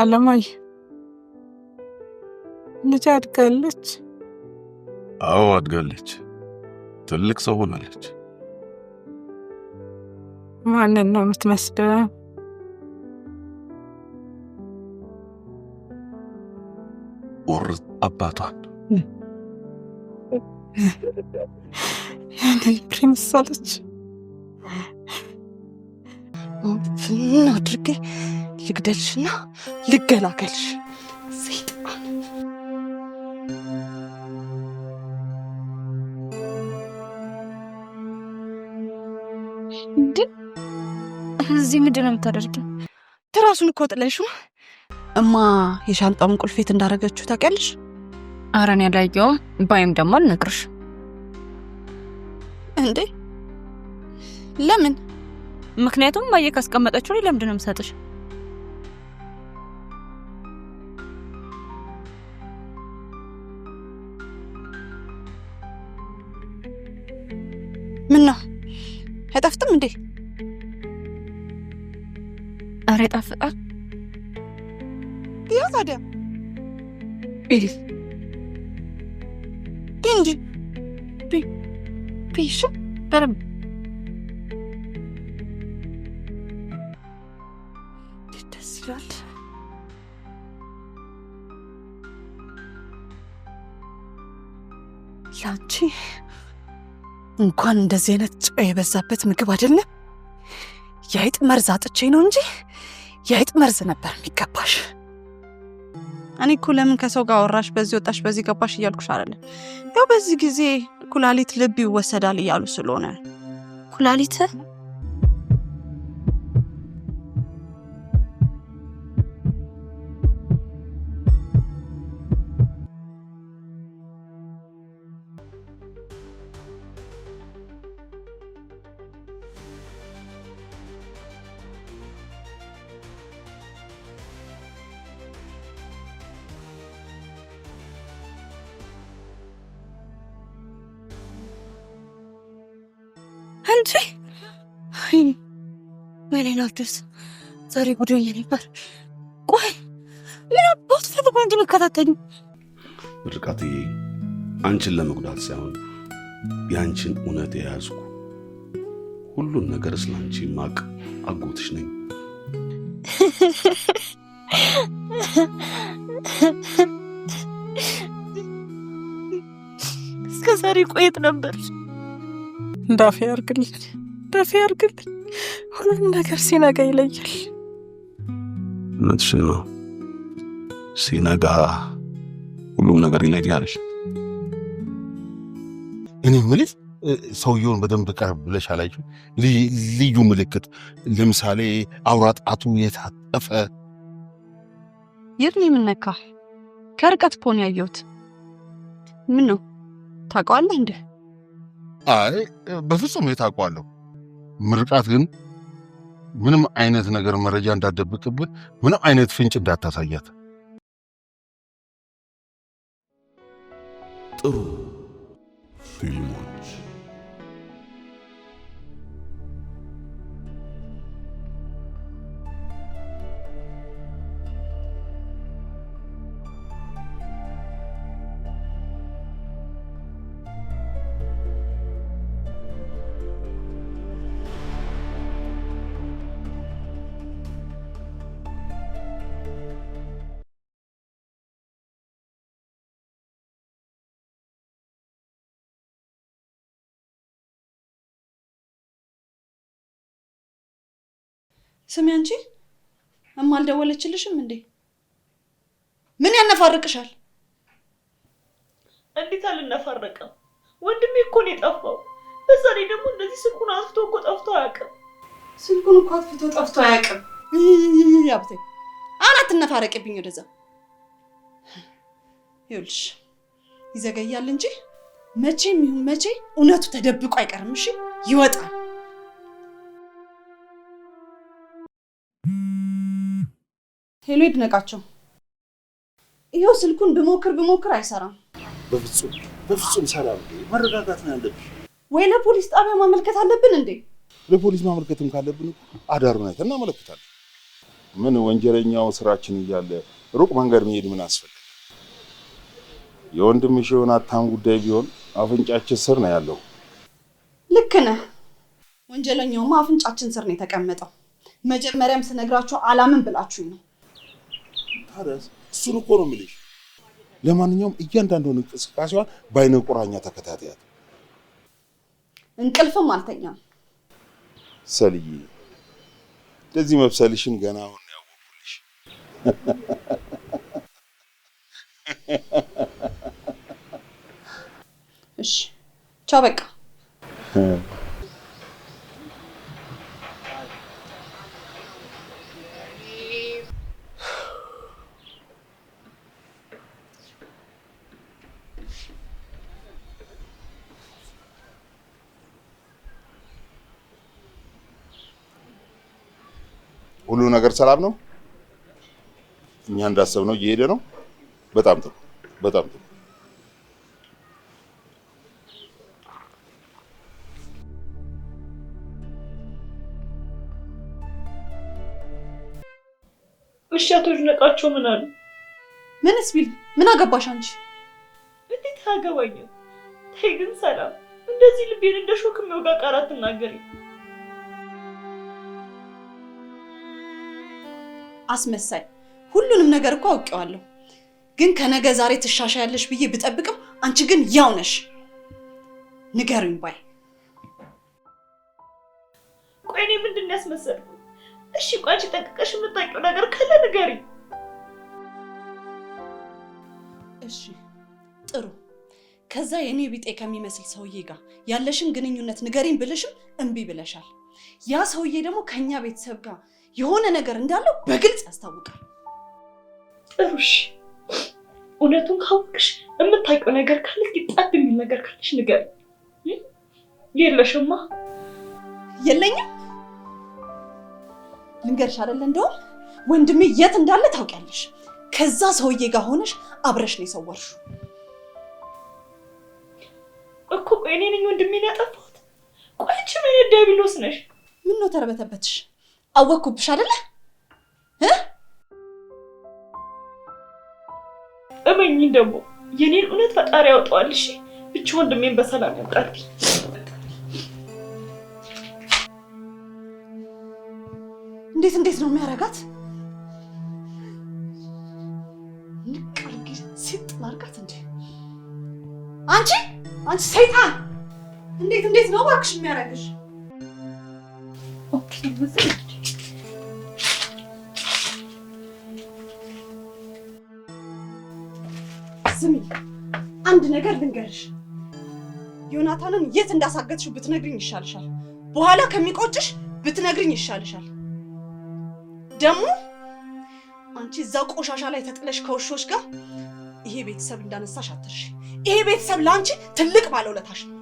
አለማየ ልጅ አድጋለች? አዎ አድጋለች። ትልቅ ሰው ሆናለች። ማንን ነው የምትመስለው? ኡር አባቷን ምሳለች ፍን አድርጌ ልግደልሽና ልገላገልሽ። እዚህ ምንድን ነው የምታደርጊው? ትራሱን እኮ ጥለሽው። እማ የሻንጣውን ቁልፌት እንዳደረገችው ታውቂያለሽ? አረን እኔ ባይም ደግሞ አልነግርሽ። እንዴ ለምን? ምክንያቱም ማየ ካስቀመጠችው ለምንድን ነው የምሰጥሽ? ምነው አይጣፍጥም እንዴ? ኧረ ይጣፍጣል። ያው ታዲያ ቤሊስ እንጂ ፒሽ በረም ደስ ይላል። ያቺ እንኳን እንደዚህ አይነት ጨው የበዛበት ምግብ አይደለም። የአይጥ መርዝ አጥቼ ነው እንጂ የአይጥ መርዝ ነበር የሚገባሽ። እኔ እኮ ለምን ከሰው ጋር ወራሽ፣ በዚህ ወጣሽ፣ በዚህ ገባሽ እያልኩሽ አይደለም። ያው በዚህ ጊዜ ኩላሊት፣ ልብ ይወሰዳል እያሉ ስለሆነ ኩላሊት እንጂ ወይኔ ናርዶስ ዛሬ ጉድ ነበር። ቆይ ምን አባት ፈልጎ እንዲመከታተኝ ምርቃትዬ፣ አንቺን ለመጉዳት ሳይሆን የአንቺን እውነት የያዝኩ ሁሉን ነገር ስለ አንቺ ማቅ አጎትሽ ነኝ። እስከ ዛሬ ቆየት ነበር። እንዳፌ ያርግልኝ፣ እንዳፌ ያርግልኝ። ሁሉም ነገር ሲነጋ ይለያል። እውነትሽን ነው። ሲነጋ ሁሉም ነገር ይለያል። እኔ የምልሽ ሰውየውን በደንብ ቀርብ ብለሽ አላችሁ? ልዩ ምልክት ለምሳሌ አውራ ጣቱ የታጠፈ ይርን የምነካ ከርቀት ፖን ያየሁት ምን ነው ታውቀዋለህ እንደ አይ በፍጹም የታውቋለሁ። ምርቃት ግን ምንም አይነት ነገር መረጃ እንዳደብቅብን፣ ምንም አይነት ፍንጭ እንዳታሳያት። ጥሩ ፊልሙ ስሚ አንቺ እማ አልደወለችልሽም እንዴ? ምን ያነፋርቅሻል? እንዴት አልነፋረቀም? ወንድሜ እኮ ነው የጠፋው። በዛ ላይ ደግሞ እንደዚህ ስልኩን አጥፍቶ እኮ ጠፍቶ አያውቅም። ስልኩን እኮ አጥፍቶ ጠፍቶ አያውቅም። ያብቴ አራት ነፋረቅብኝ ወደዛ። ይኸውልሽ ይዘገያል እንጂ መቼም ይሁን መቼ እውነቱ ተደብቆ አይቀርም። እሺ ይወጣል ሄሎ ይድነቃቸው፣ ይኸው ስልኩን ብሞክር ብሞክር አይሰራም። በፍጹም በፍጹም ሰላም፣ መረጋጋት ነው ያለብሽ። ወይ ለፖሊስ ጣቢያ ማመልከት አለብን እንዴ? ለፖሊስ ማመልከትም ካለብን አዳሩን አይተን እናመለክታለን። ምን ወንጀለኛው ስራችን እያለ ሩቅ መንገድ መሄድ ምን አስፈልግ? የወንድምሽ ዮናታን ጉዳይ ቢሆን አፍንጫችን ስር ነው ያለው። ልክ ነህ። ወንጀለኛውማ አፍንጫችን ስር ነው የተቀመጠው። መጀመሪያም ስነግራችሁ አላምን ብላችሁኝ ነው። ድረስ እሱን እኮ ነው የምልሽ። ለማንኛውም እያንዳንዱን እንቅስቃሴዋን በአይነ ቁራኛ ተከታተያት። እንቅልፍም አልተኛም። ሰልዬ እንደዚህ መብሰልሽን ገና አሁን ያወኩልሽ። እሺ ቻው፣ በቃ ሰላም ነው። እኛ እንዳሰብነው እየሄደ ነው። በጣም ጥሩ፣ በጣም ጥሩ። እሻቶች ነቃቸው። ምን አሉ? ምንስ ቢል ምን አገባሽ አንቺ? እንዴት አገባኝ? ተይ ግን ሰላም፣ እንደዚህ ልቤን እንደ ሾክ የሚወጋ ቃላት አስመሳይ፣ ሁሉንም ነገር እኮ አውቄዋለሁ። ግን ከነገ ዛሬ ትሻሻያለሽ ብዬ ብጠብቅም አንቺ ግን ያው ነሽ። ንገሩኝ ባይ። ቆይ እኔ ምንድን ነው እሺ ቆይ አንቺ ጠንቅቀሽ የምታውቂው ነገር ካለ ንገሪኝ። እሺ ጥሩ። ከዛ የእኔ ቢጤ ከሚመስል ሰውዬ ጋር ያለሽን ግንኙነት ንገሪኝ ብልሽም እምቢ ብለሻል። ያ ሰውዬ ደግሞ ከእኛ ቤተሰብ ጋር የሆነ ነገር እንዳለው በግልጽ ያስታውቃል። ጥሩሽ እውነቱን ካወቅሽ የምታውቂው ነገር ካለ ጣት የሚል ነገር ካለሽ ንገር። የለሽማ። የለኝም። ልንገርሽ አይደለ እንደውም ወንድሜ የት እንዳለ ታውቂያለሽ። ከዛ ሰውዬ ጋር ሆነሽ አብረሽ ነው የሰወርሽው እኮ። እኔ ነኝ ወንድሜን ያጠፋሁት። ቆይቼ ምን ዲያብሎስ ነሽ? ምን ነው ተርበተበትሽ? አወኩብሽ አይደለ? እመኝኝ ደግሞ የኔን እውነት ፈጣሪ ያውጠዋል። እሺ ብቻ ወንድሜን በሰላም ያውጣል። እንዴት እንዴት ነው የሚያረጋት? ንቀርጊ ሲጥ ላርጋት እንዴ! አንቺ አንቺ ሰይጣን! እንዴት እንዴት ነው እባክሽ የሚያረግሽ? ኦኬ ስሚ፣ አንድ ነገር ልንገርሽ። ዮናታንን የት እንዳሳገትሽው ብትነግርኝ ይሻልሻል። በኋላ ከሚቆጭሽ ብትነግርኝ ይሻልሻል። ደግሞ አንቺ እዛው ቆሻሻ ላይ ተጥለሽ ከውሾች ጋር ይሄ ቤተሰብ እንዳነሳሽ አትርሽ። ይሄ ቤተሰብ ለአንቺ ትልቅ ባለውለታሽ ነው።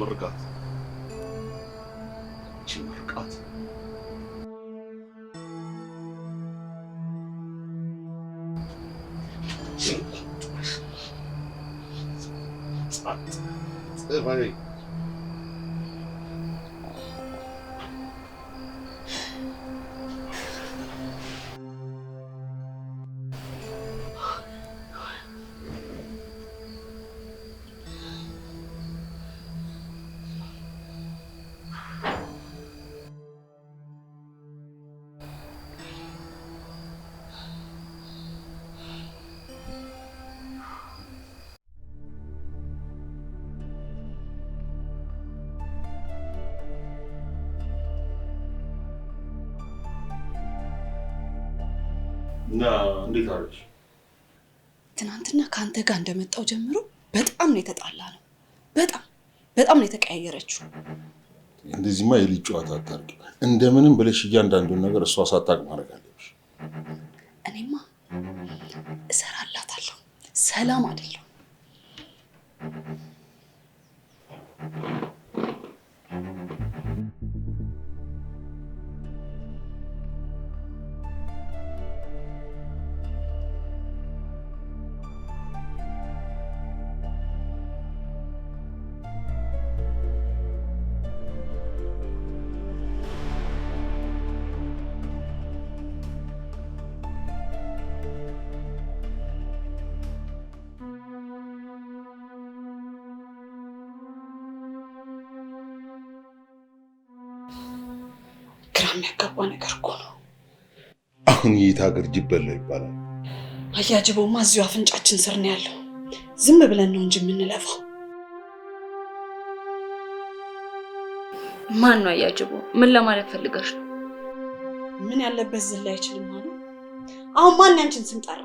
ምርቃት እቺ ምርቃት ጸጥ ጋር እንደመጣው ጀምሮ በጣም ነው የተጣላ ነው። በጣም በጣም ነው የተቀያየረችው። እንደዚህማ የልጅ ጨዋታ እንደምንም ብለሽ እያንዳንዱን ነገር እሷ ሳታቅ ማድረግ አለብሽ። እኔማ እሰራላታለሁ። ሰላም አይደለሁ። የሚያጋባ ነገር እኮ ነው። አሁን የት ሀገር ጅብ በላ ይባላል። አያጅቦማ እዚሁ አፍንጫችን ስር ነው ያለው። ዝም ብለን ነው እንጂ የምንለፋው። ማን ነው አያጅቦ? ምን ለማለት ፈልጋሽ ነው? ምን ያለበት ዝላ አይችልም አሉ። አሁን ማን ያንችን ስም ጠራ?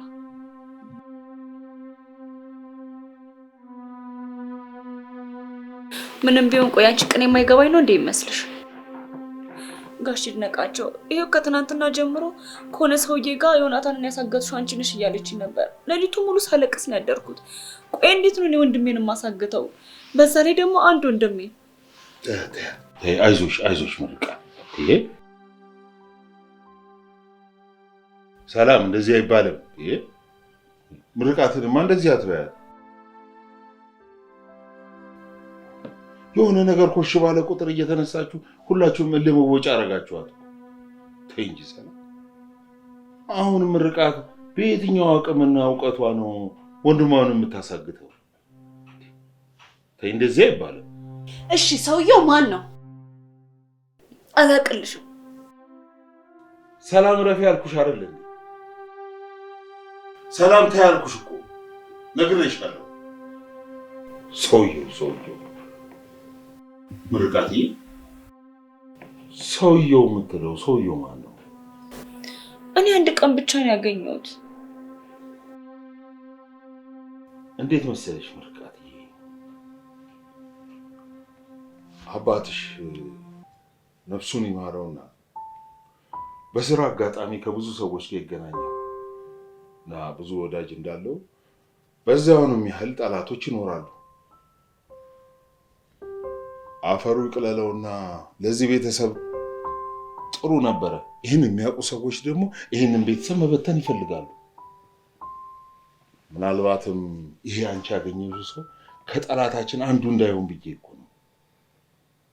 ምንም ቢሆን ቆይ አንቺ ቅኔ የማይገባኝ ነው እንዴ ይመስልሽ? ጋሽ ይድነቃቸው ይሄው ከትናንትና ጀምሮ ከሆነ ሰውዬ ጋር ዮናታንን ያሳገትሽው አንቺ ነሽ እያለችኝ ነበር። ሌሊቱ ሙሉ ሳለቅስ ነው ያደርኩት። ቆይ እንዴት ነው እኔ ወንድሜን የማሳግተው? በዛ ላይ ደግሞ አንድ ወንድሜ። አይዞሽ አይዞሽ መልካ። ይሄ ሰላም እንደዚህ አይባልም። ይሄ ምርቃትንማ እንደዚህ አትበያል የሆነ ነገር ኮሽ ባለ ቁጥር እየተነሳችሁ ሁላችሁም እልህ መወጫ አደርጋችኋት። ተይ እንጂ ሰላም። አሁን ምርቃት በየትኛው አቅምና እውቀቷ ነው ወንድሟን የምታሳግተው? ተይ እንደዚህ አይባልም። እሺ ሰውየው ማን ነው? አላቅልሽም። ሰላም ረፊ ያልኩሽ አይደለም? ሰላም ተይ ያልኩሽ እኮ ነግሬሻለሁ። ሰውየው ሰውየው ምርቃትዬ ሰውየው የምትለው ሰውየው ማለት ነው? እኔ አንድ ቀን ብቻ ነው ያገኘሁት። እንዴት መሰለሽ ምርቃትዬ፣ አባትሽ ነፍሱን ይማረውና በስራ አጋጣሚ ከብዙ ሰዎች ጋር ይገናኛል እና ብዙ ወዳጅ እንዳለው በዚያውንም ያህል ጠላቶች ይኖራሉ። አፈሩ ይቅለለውና ለዚህ ቤተሰብ ጥሩ ነበረ። ይህን የሚያውቁ ሰዎች ደግሞ ይህንን ቤተሰብ መበተን ይፈልጋሉ። ምናልባትም ይሄ አንቺ ያገኘሽው ሰው ከጠላታችን አንዱ እንዳይሆን ብዬ እኮ ነው።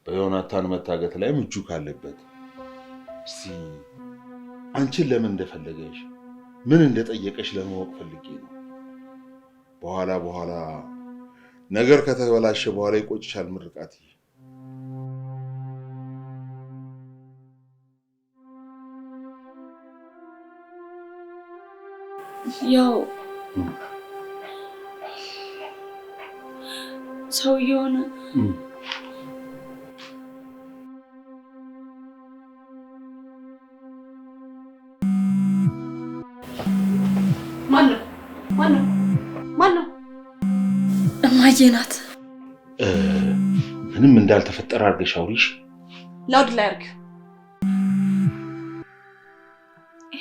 በዮናታን መታገት ላይም እጁ ካለበት እስቲ አንቺን ለምን እንደፈለገሽ ምን እንደጠየቀሽ ለማወቅ ፈልጌ ነው። በኋላ በኋላ ነገር ከተበላሸ በኋላ ይቆጭሻል ምርቃት ያው ሰው የሆነ እማዬ ናት። ምንም እንዳልተፈጠረ አድርገሽ አውሪሽ። ላውድ ላይ አድርጊው።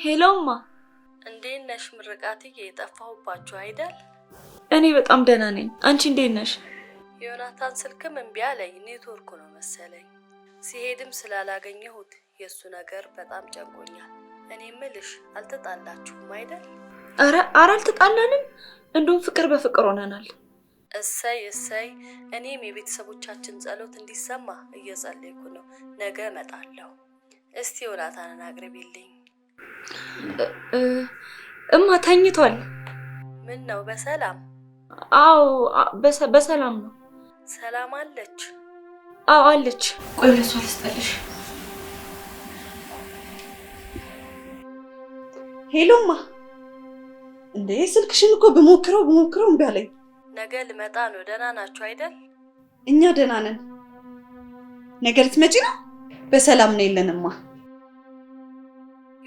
ሄሎማ ነሽ ምርቃት የጠፋሁባችሁ አይደል? እኔ በጣም ደህና ነኝ። አንቺ እንዴት ነሽ? ዮናታን ስልክም እምቢ አለኝ። ኔትወርኩ ነው መሰለኝ። ሲሄድም ስላላገኘሁት የእሱ ነገር በጣም ጨንቆኛል። እኔ ምልሽ አልተጣላችሁም አይደል? አረ አረ አልተጣላንም። እንዲሁም ፍቅር በፍቅር ሆነናል። እሰይ እሰይ። እኔም የቤተሰቦቻችን ጸሎት እንዲሰማ እየጸለይኩ ነው። ነገ እመጣለሁ። እስቲ ዮናታንን አቅርቢልኝ። እማ ተኝቷል። ምን ነው? በሰላም አዎ፣ በሰላም ነው። ሰላም አለች? አዎ አለች። ቆይ ለሷ ልስጠልሽ። ሄሎማ፣ እንዴ ስልክሽን እኮ ብሞክረው ብሞክረው እምቢ አለኝ። ነገ ልመጣ ነው። ደህና ናችሁ አይደል? እኛ ደህና ነን። ነገ ልትመጪ ነው? በሰላም ነው የለንማ።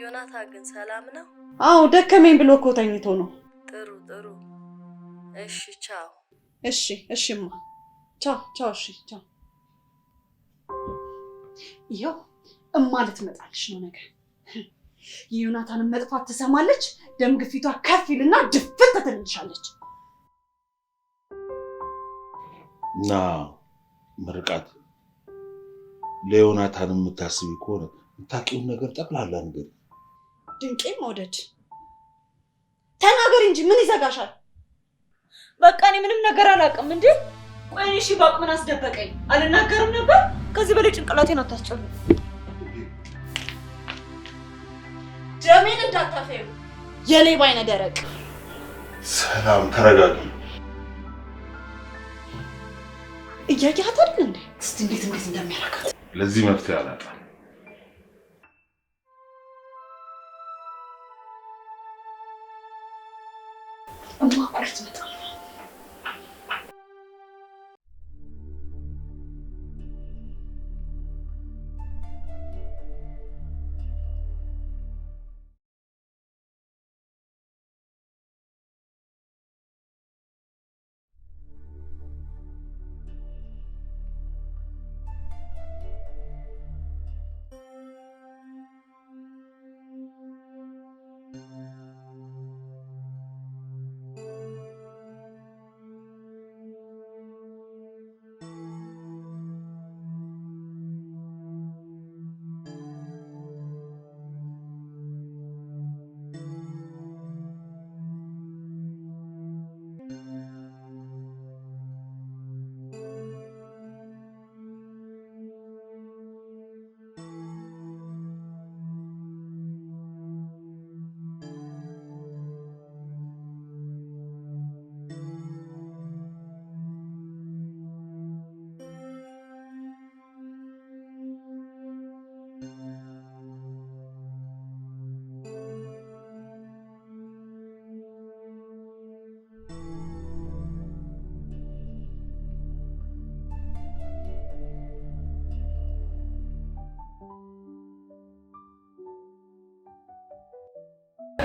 ዮናታ ግን ሰላም ነው? አዎ ደከመኝ ብሎ እኮ ተኝቶ ነው። ጥሩ ጥሩ። እሺ ቻው። እሺ እሺማ፣ ቻው ቻው። እሺ ቻው። ይኸው እማ ልትመጣልሽ ነው ነገር የዮናታንን መጥፋት ትሰማለች፣ ደም ግፊቷ ከፍ ይልና ድፍት ትትልልሻለች። ና ምርቃት ለዮናታን የምታስቢ ከሆነ የምታውቂውን ነገር ጠቅላላ ንገሪኝ ድንቄ መውደድ ተናገሪ እንጂ ምን ይዘጋሻል? በቃ እኔ ምንም ነገር አላውቅም። እንዴ ቆይ እሺ፣ ባቅ ምን አስደበቀኝ? አልናገርም ነበር። ከዚህ በላይ ጭንቅላቴን አታስጨሉ። ደሜን እንዳታፈዩ የሌባ አይነ ደረቅ። ሰላም ተረጋጊ። እያያት አይደል እንዴ? እስቲ እንዴት እንዴት እንደሚያረጋት ለዚህ መፍትሄ አላጣም። 我也不好道。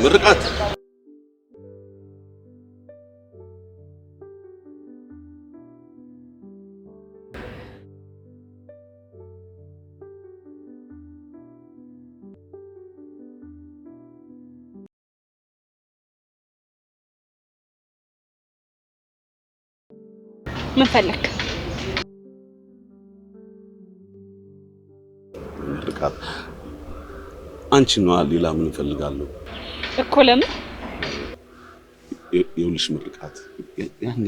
ምርቃት ምን ፈለክ? ምርቃት አንቺ ነዋ። ሌላ ምን እፈልጋለሁ? እኮ ለምን የውልሽ ምርቃት ያኔ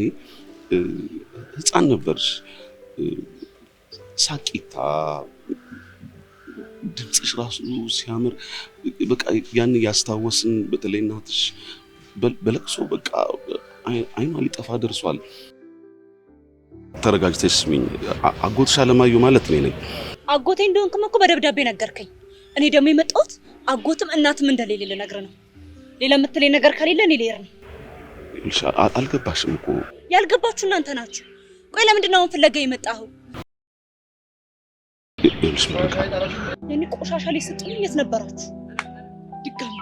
ህፃን ነበርሽ። ሳቂታ ድምፅሽ ራሱ ሲያምር በቃ ያን ያስታወስን። በተለይ እናትሽ በለቅሶ በቃ አይኗ ሊጠፋ ደርሷል። ተረጋግተሽ ስሚኝ። አጎትሽ አለማየሁ ማለት ነው ነኝ። አጎቴ እንደሆንክም እኮ በደብዳቤ ነገርከኝ። እኔ ደግሞ የመጣሁት አጎትም እናትም እንደሌለ ልነግርህ ነው። ሌላ የምትለኝ ነገር ከሌለ እኔ ልሄድ ነው። አልገባሽም እኮ። ያልገባችሁ እናንተ ናችሁ። ቆይ ለምንድን ነው አሁን ፍለጋ የመጣኸው? የእኔ ቆሻሻ ላይ ስጡኝ። የት ነበራችሁ? ድጋሚ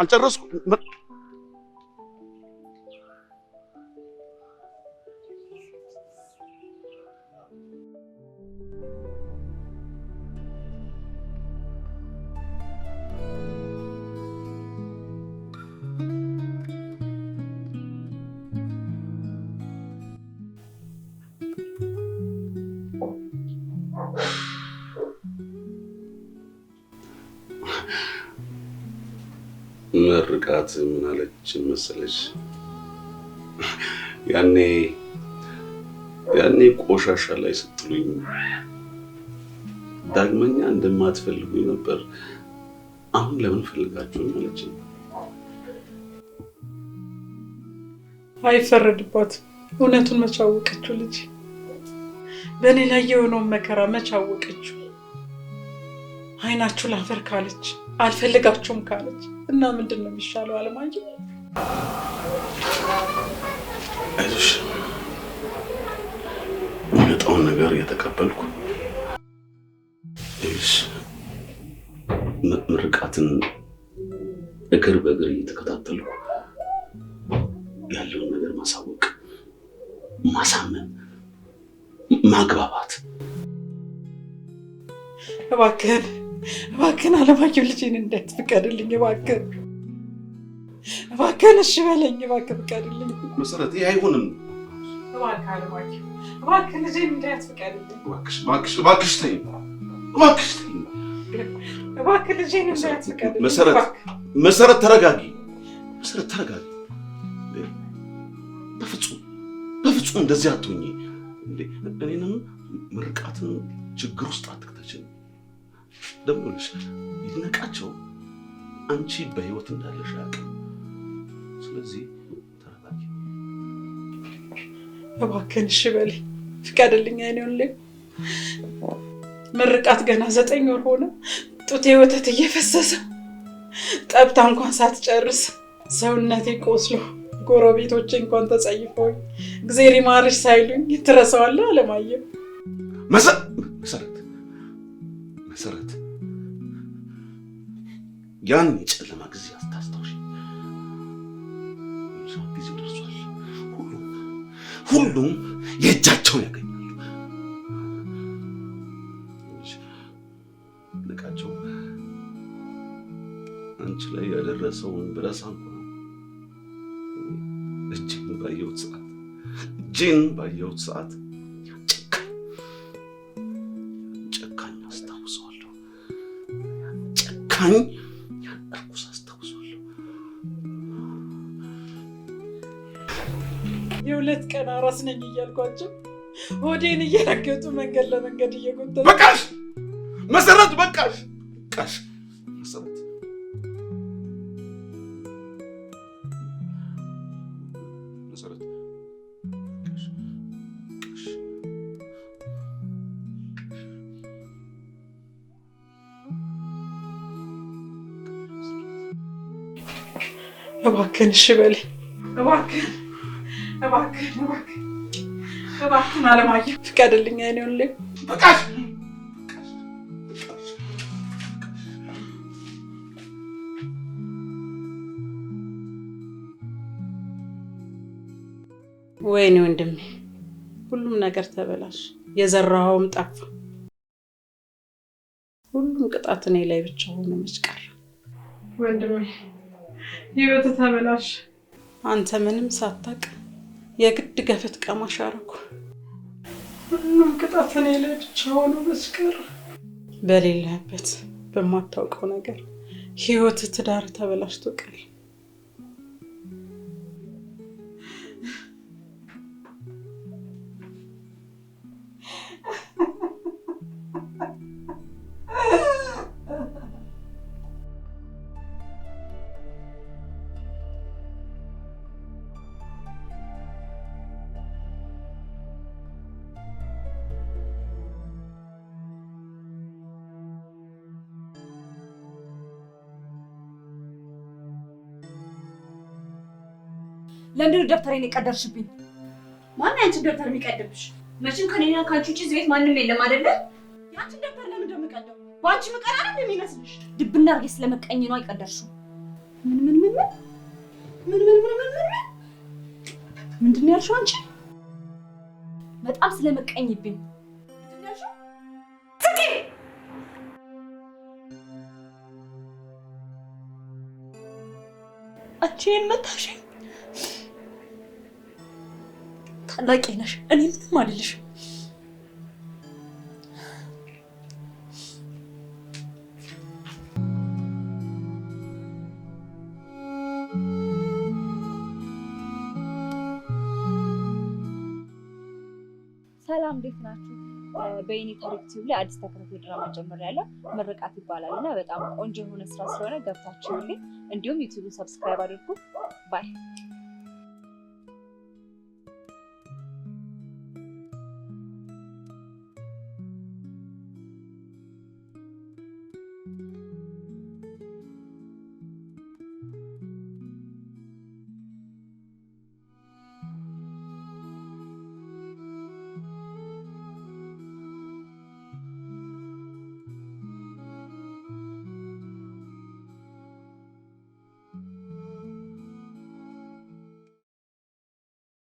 አልጨረስኩም። እናት ምን አለችን መሰለች? ያኔ ያኔ ቆሻሻ ላይ ስትሉኝ ዳግመኛ እንደማትፈልጉኝ ነበር። አሁን ለምን ፈልጋችሁኝ አለችኝ። አይፈረድባት። እውነቱን መች አወቀችው? ልጅ በእኔ ላይ የሆነውን መከራ መች አወቀችው? አይናችሁ ላፈር ካለች አልፈልጋችሁም ካለች እና ምንድን ነው የሚሻለው? አለማየ አይዞሽ፣ የሚመጣውን ነገር የተቀበልኩ ምርቃትን እግር በእግር እየተከታተልኩ ያለውን ነገር ማሳወቅ፣ ማሳመን፣ ማግባባት እባክህን እባክህን አለማየሁ ልጄን እንዴት ፍቀድልኝ፣ እባክህን እባክህን፣ እሺ በለኝ እባክህ፣ ፍቀድልኝ። መሰረት ይህ አይሆንም። እባክህ ልጄን እባክህ ልጄን ፍቀድልኝ። መሰረት መሰረት፣ ተረጋጊ። መሰረት ተረጋጊ። በፍጹም በፍጹም እንደዚህ አትሆኚ። እኔንም ምርቃትን ችግር ውስጥ አትክተችን። ደግሞ ይኸውልሽ አንቺ በህይወት እንዳለሽ ስለዚህ ተረጋጊ እባክህን። እሺ ምርቃት ገና ዘጠኝ ወር ሆነ። ጡቴ ወተት እየፈሰሰ ጠብታ እንኳን ሳትጨርስ ሰውነቴ ቆስሎ ጎረቤቶቼ እንኳን ተጸይፈውኝ እግዜር ይማርሽ ሳይሉኝ ትረሳዋለህ አለማየሁ መሰረት መሰረት ያን የጨለማ ጊዜ አታስታውሽ። ጊዜ ደርሷል። ሁሉም ሁሉም የእጃቸውን ያገኛሉ። ልቃቸው አንቺ ላይ ያደረሰውን ብረሳ እንኳ እጅን ባየሁት ሰዓት እጅን ባየሁት ሰዓት ጨካኝ ጨካኝ አስታውሰዋለሁ ጨካኝ ሁለት ቀን አራስ ነኝ እያልኳቸው ሆዴን እየረገጡ መንገድ ለመንገድ እየጎተ በቃሽ መሰረቱ በቃሽ ቃሽ መሰረት እባክህን እሺ በለኝ እባክህን አለማየሁ ፍቀድልኝ። አይኔውን ሁሌ በቃሽ። ወይኔ ወንድሜ ሁሉም ነገር ተበላሽ። የዘራኸውም ጠፋ። ሁሉም ቅጣት እኔ ላይ ብቻ ሆነ። መች ወንድሜ፣ ህይወት ተበላሽ። አንተ ምንም ሳታውቅ የግድ ገፈት ቀማሽ አደረኩ። ሁሉም ቅጣት እኔ ላይ ብቻ ሆኖ መስቀር በሌለህበት በማታውቀው ነገር ህይወት ትዳር ተበላሽቶ ቀል ለምንድነው ደብተሬን የቀደርሽብኝ? ማነው ያንቺን ደብተር የሚቀድብሽ? መቼም ከኔና ከአንቺ ውጭ እዚህ ቤት ማንም የለም አይደለ? ያንቺን ደብተር ለምን እንደምቀደው? በአንቺ ምቀራ የሚመስልሽ? ድብና አድርጌ ስለመቀኝ ነው አይቀደርሽው። ምን ምን ምን ምን ምን ምን ምን ምን ምን ምንድን ነው ያልሽው? አንቺ በጣም ስለመቀኝብኝ አንቺ መታሽኝ ታላቂ ነሽ። እኔ ምንም አልልሽም። ሰላም እንዴት ናችሁ? በይኔ ታሪክ ላይ አዲስ ተከታታይ ድራማ ጀምሬያለሁ። ምርቃት ይባላል እና በጣም ቆንጆ የሆነ ስራ ስለሆነ ገብታችሁልኝ፣ እንዲሁም ዩቲዩብ ሰብስክራይብ አድርጉ ባይ